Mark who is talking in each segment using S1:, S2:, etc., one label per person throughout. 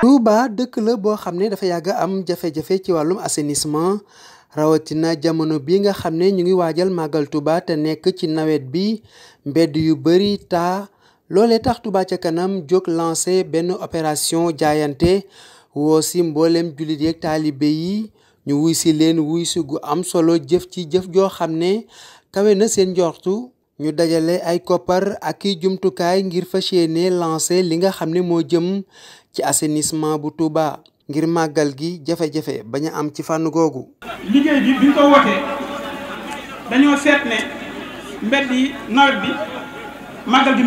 S1: tuuba dëkk la boo xam ne dafa yàgg am jafe-jafe ci wàllum assainissement rawatina jamono bi nga xam ne ñu ngi waajal màggal Touba te nekk ci nawet bi mbedd yu bari taa loole tax Touba ca kanam jóg lancé benn opération jaayante woo si mbooleem jullit yeeg taalibe yi ñu wuy si leen wuy gu am solo jëf ci jëf joo xam ne kawe na seen njortu ñu dajale ay koppar ak i jumtukaay ngir fas yéene lancé li nga xam ne moo jëm ci assainissement bu Touba ngir màggal gi jafe-jafe bañ am ci fànn
S2: googu. liggéey bi biñ ko wootee dañoo seet ne mbedd nawet bi màggal gi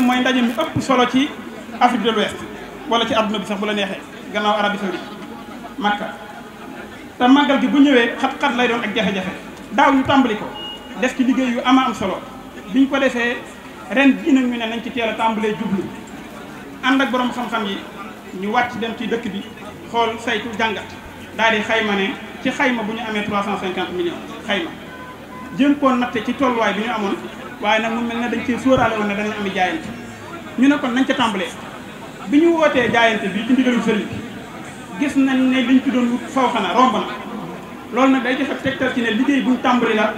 S2: mooy ndaje mi ëpp solo ci Afrique de l'Ouest ci adduna bi sax bu la neexee gannaaw Arabie Saoudite Makka te màggal gi bu ñëwee xat-xat lay doon ak jafe-jafe daaw ñu tàmbali ko. def ci liggéey yu ama am solo biñ ko defee ren ji nag ñu ne nañ ci teel a tàmbalee jublu ànd ak borom xam-xam yi ñu wàcc dem ci dëkk bi xool saytu jàngat daal di xayma ne ci xayma bu ñu amee 350 millions xayma jëm koon natte ci tolluwaay bi ñu amoon waaye nag mu mel na dañ cee sóoraale woon ne dañu am jaayante ñu ne kon nañ ca tàmbalee bi ñu wootee jaayante bi ci ndigalu sëriñ bi gis nañ ne liñ ci doon wut faw xanaa romb na loolu nag day joxe tegtal ci ne liggéey buñ tàmbali la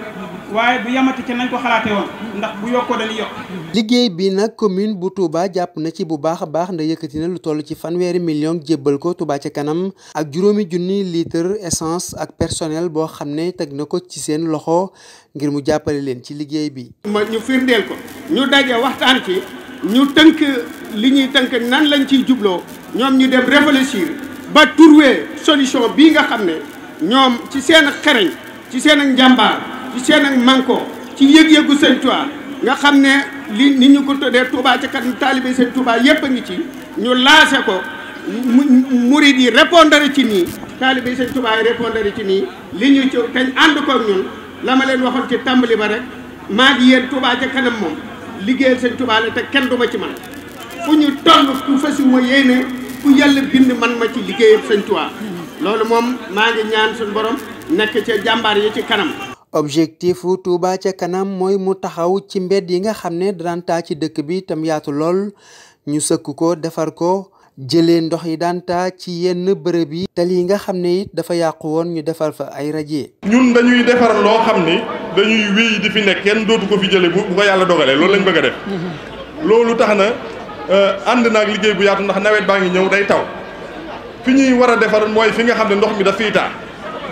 S2: waaye du yamati ci nañ ko xalaatee woon ndax bu yokkoo dañuy yokk.
S1: liggéey bi nag commune bu Touba jàpp na ci bu baax a baax nda yëkkati na lu toll ci fanweeri million jébbal ko Touba ci kanam ak juróomi junni litre essence ak personnel boo xam ne teg na ko ci seen loxo ngir mu jàppale leen ci liggéey bi.
S3: ma ñu firndeel ko ñu daje waxtaan ci ñu tënk li ñuy tënk nan lañ ci jubloo ñoom ñu dem réfléchir ba trouver solution bii nga xam ne ñoom ci seen xereñ ci seen njàmbaar. ci seen ak ko ci yëg-yëgu sëñ Tuubaa nga xam ne li ni ñu ko tuddee Touba ci kanam taalibe sëñ Tuubaa yëpp ngi ci ñu laase ko murid yi répondre ci nii taalibe sëñ Tuubaa yi répondre ci nii li ñu ci teñ ànd ko ñun la ma leen waxoon ci tàmbali ba rek maa ngi yéen Touba ca kanam moom liggéeyal sëñ Tuubaa la te kenn du ma ci man fu ñu toll ku fasi ma yéene ku yàlla bind man ma ci liggéeyal sëñ Tuubaa loolu moom maa ngi ñaan suñu borom nekk ca jàmbaar yi ci kanam
S1: objectifu Touba ca kanam mooy mu taxaw ci mbedd yi nga xam ne daan taa ci dëkk bi tam yaatu lool ñu sëkk ko defar ko jëlee ndox yi daan taa ci yenn bërëb yi tali yi nga xam ne dafa yàqu woon ñu defar fa ay radier
S4: ñun dañuy defar loo xam ni dañuy wéy di fi nekk kenn dootu ko fi jële bu bu ko yàlla dogalee loolu lañ bëgg a def mhm. loolu tax na euh, ànd naag liggéey bu yaatu ndax nawet baa ngi ñëw day taw fi ñuy war defar mooy fi nga xam ne ndox mi daf fiy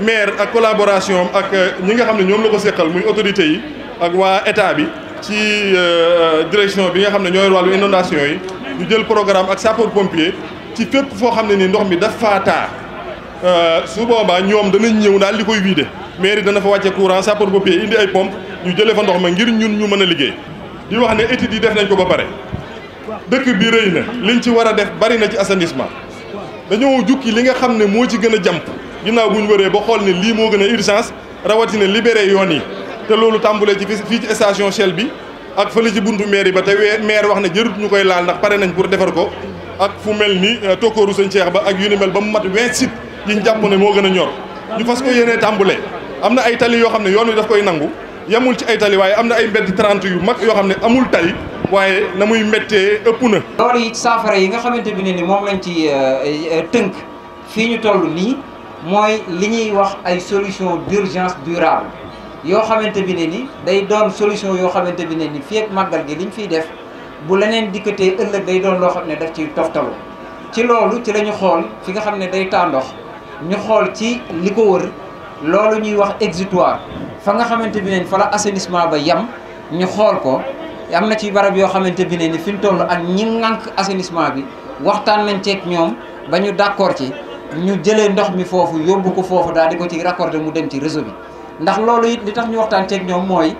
S4: maire ak collaboration ak euh, ñi nga xam ne ñoom la ko seqal muy autorités yi ak waa état bi ci euh, direction bi nga xam ne ñooy wàllu inondation yi ñu jël programme ak sapeur pompier ci fépp foo xam ne ni ndox mi dafa taa euh, su boobaa ñoom danañ ñëw daal di koy vider mairie dana fa wàcce courant sapeur pompier indi ay pompe ñu jëlee fa ndox ma ngir ñun ñu mën a liggéey di wax ne études yi def nañ ko ba pare dëkk bi rëy na liñ ci war a def bari na ci assainissement dañoo jukki li nga xam ne moo ci gën a jàmp ginnaaw bu ñu wëree ba xool ne lii moo gën a urgence rawatina libéré yoon yi te loolu tàmbulee ci fii ci estation Shell bi ak fële ci buntu maire yi ba te maire wax ne jërut ñu koy laal ndax pare nañ pour defar ko ak fu mel ni euh, tokkooru sëñ Cheikh ba ak yu ni mel ba mu mat vingt sites yi ñu ne moo gën a ñor ñu fas ko yéenee tàmbulee am na ay tali yoo xam ne yoon wi daf koy nangu yamul ci ay tali waaye am na ay mbedd 30 yu mag yoo xam ne amul tali waaye na muy méttee ëpp na loolu saafara yi nga xamante bi ne ni moom lañ ci euh, tënk fii ñu toll nii
S2: mooy li ñuy wax ay solution d'urgence durable yoo xamante bi ne ni day doon solution yoo xamante bi ne ni fii ak màggal gi liñ fiy def bu leneen dikkatee ëllëg day doon loo xam ne daf ciy toftalu ci loolu ci lañu xool fi nga xam ne day tàndox ñu xool ci li ko wër loolu ñuy wax exutoire fa nga xamante bi ne ni fa la assainissement ba yem ñu xool ko am na ci barab yoo xamante bi ne ni fi mu toll ak ñi ŋànk assainissement bi waxtaan nañ ceeg ñoom ba ñu d'accord ci ñu jëlee ndox mi foofu yóbbu ko foofu daal di ko ci raccorder mu dem ci réseau bi ndax loolu it li tax ñu waxtaan ceeg ñoom mooy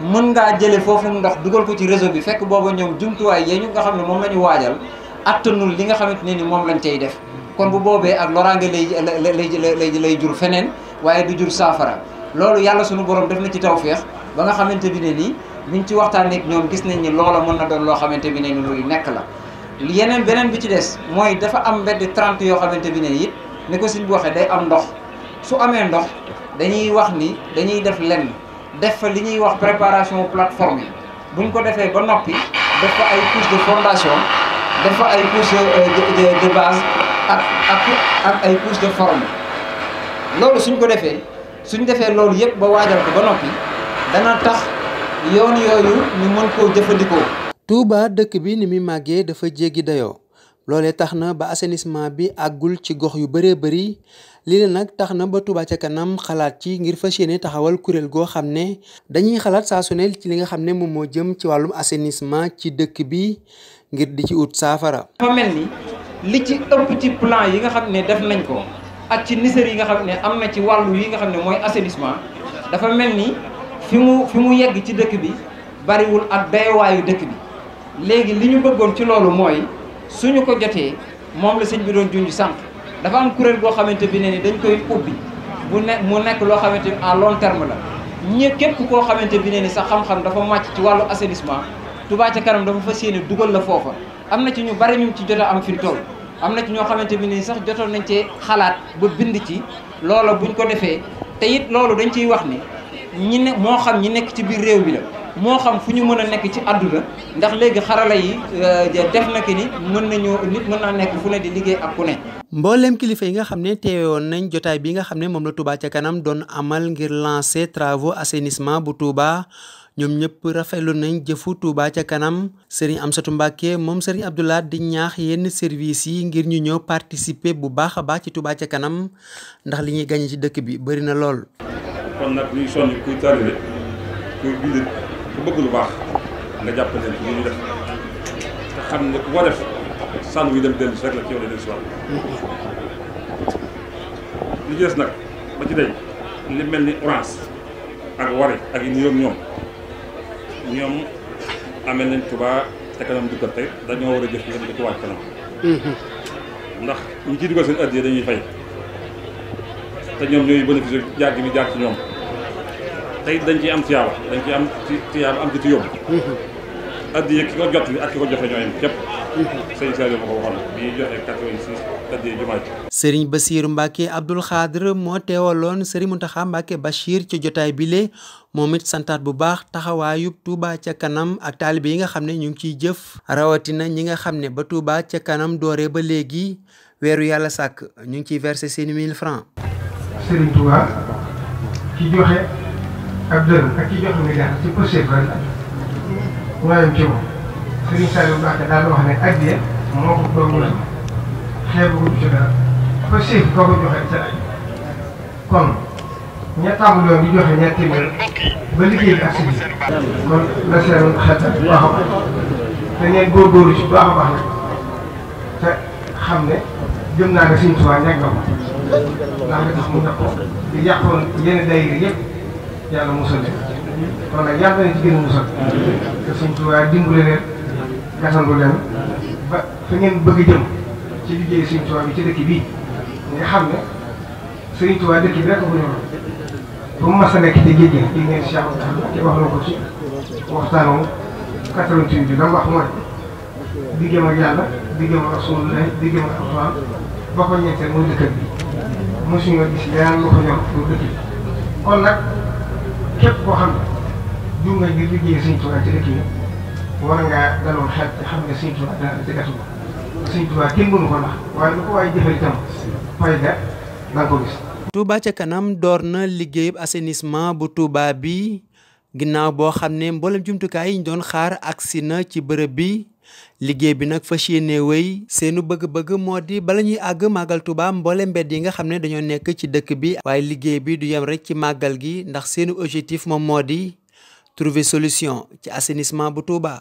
S2: mën ngaa jële foofu ndox dugal ko ci réseau bi fekk boobu ñoom jumtuwaay yee ñu nga xam ne moom la ñu waajal attanul li nga xamante ne nii moom lañ cay def kon bu boobee ak loraange lay lay lay jur feneen waaye du jur saafara loolu yàlla sunu borom def na ci tawféex ba nga xamante bi ne nii ñu ci waxtaan ak ñoom gis nañ ni loola mën na loo xamante bi ne ni nekk la yeneen beneen bi ci des mooy dafa am mbedd 30 yoo xamante bi ne it ni ko suñ bu waxee day am ndox su amee ndox dañuy wax ni dañuy def lenn def fa li ñuy wax préparation plateforme yi buñ ko defee ba noppi def fa ay couche de fondation fa ay couche euh, de de ak ak ak de forme loolu suñ ko defee suñ defee loolu yëpp ba waajal ko ba noppi dana tax yoon yooyu ñu mën koo jëfandikoo. Touba dëkk bi ni muy màggee
S1: dafa jéggi dayoo loole tax na ba assainissement bi àggul ci gox yu bëree bëri lii la nag tax na ba Touba ca kanam xalaat ci ngir fas yéene taxawal kuréel goo xam ne dañuy xalaat saa su ne ci li nga xam ne moom moo jëm ci wàllum assainissement ci dëkk bi ngir di ci ut saafara.
S2: li ci ëpp ci plan yi nga xam ne def nañ ko ak ci niseer yi nga xam ne am na ci wàllu yi nga xam ne mooy assainissement dafa mel ni fi mu fi mu yegg ci dëkk bi bariwul ak dayawaayu dëkk bi. léegi li ñu bëggoon ci loolu mooy suñu ko jotee moom la sëñ bi doon junj sànq dafa am kuréel goo xamante bi ne ni dañu koy ubbi bu ne mu nekk loo xamante ni à long terme la ñë képp koo xamante bi ne ni sax xam-xam dafa màcc ci wàllu assainissement Touba ci kanam dafa fa yéene dugal la foofa am na ci ñu bari ñu ci jot a am fi tool am na ci ñoo xamante bi ne sax jotoon nañ cee xalaat ba bind ci loola buñ ko defee te it loolu dañu ciy wax ni ñi ne moo ñi nekk ci biir réew mi la moo xam fu ñu mën a nekk ci àdduna ndax léegi xarala yi euh, def na ki ni mën nañu nit mën naa nekk fu ne di liggéey ak ku ne.
S1: mboolem kilifa yi nga xam ne teewoon nañ jotaay bi nga xam ne moom la Touba ca kanam doon amal ngir lancer travaux assainissement bu Touba ñoom ñëpp rafetlu nañ jëfu Touba ca kanam Serigne Amsatou Mbacké moom Serigne Abdou Lahad di ñaax yenn service yi ngir ñu ñëw participer bu baax a baax ci Touba ca kanam ndax li ñuy gañe ci dëkk bi bëri na lool.
S4: bëgg lu baax nga jàpp ne li ñu def te xam ne ku ko def sànn wi dem dellu si rek la ci yow la dellu si waat li ci nag ba ci day li mel ni orange ak wari ak yi niroog ñoom ñoom amee nañ Touba ca kanam duggal tey dañoo war a jëf leen ci waaj kanam ndax ñu ciy dugal seen addiya dañuy fay te ñoom ñooy bénéfice jaar gi mi jaar ci ñoom tey dañ ciy am tiyaaba dañ ciy am tiyaaba am ci yóbbu. addiya ki ki ko joxe ñoo yem képp. sëñ Saliou
S1: ma ko waxoon moo teewaloon Serigne Mountakha Mbacke Bachir ci jotaay bile moom it santaat bu baax taxawaayu tuuba ca kanam ak taalibe yi nga xam ne ñu ngi ciy jëf. rawatina ñi nga xam ne ba Touba ca kanam doore ba léegi weeru yàlla sàkk ñu ngi ciy versé seeni mille francs.
S3: ak dërëm ak ki jox nga jaaxal ci procédure bi lañ am. mooyam ci moom Serigne Saliou Mbacke daal di wax ne addiya moo ko doon mën a xeebu ko ci dara procédure bi koo ko joxee ca lañ kon ña tàmbaloon di joxe ñetti mil ba liggéey bi ak si biir. kon la seen xetal bu baax a baax te ngeen góorgóorlu ci bu baax a baax nag te xam ne naa ne Serigne Touba ñàkk na ko ndax li tax mu yàlla musal leen kon nag yàlla na ci gën a te suñ Tuubaa dimbale leen gasandu leen ba fa ngeen bëgg jëm ci liggéey suñ Tuubaa bi ci dëkk bii nga xam ne Sëriñ Tuubaa dëkk bi rek ko ñoroon ba mu mas a nekk ci géej gi di ngeen Cheikh Abdoulaye wax na ko ci waxtaanu 88 bi la mu wax mooy diggam ak yàlla diggam ak Rasulullah diggam ak Alxuraan ba ko ñeenteel mooy dëkk bi mosuñu gis leneen lu ko ñor pour dëkk bi kon nag. képp koo xam ne jur nga ngir ci xam ne Sëñ Tuubaa dana la jëgatu
S1: ko Sëñ waaye lu ko waaye jëfee itam fay nga ko gis. Touba ca kanam door na liggéey assainissement bu Touba bi ginnaaw boo xam ne mboolem jumtukaay yi ñu doon xaar agsi na ci bërëb bi. liggéey bi nag fa fas yéene wéy seenu bëgg-bëgg moo di bala ñuy àgg màggal Tuuba mboole mbedd yi nga xam ne dañoo nekk ci dëkk bi waaye liggéey bi du yem rek ci màggal gi ndax seenu objectif moom moo di trouver solution ci assainissement bu Tuuba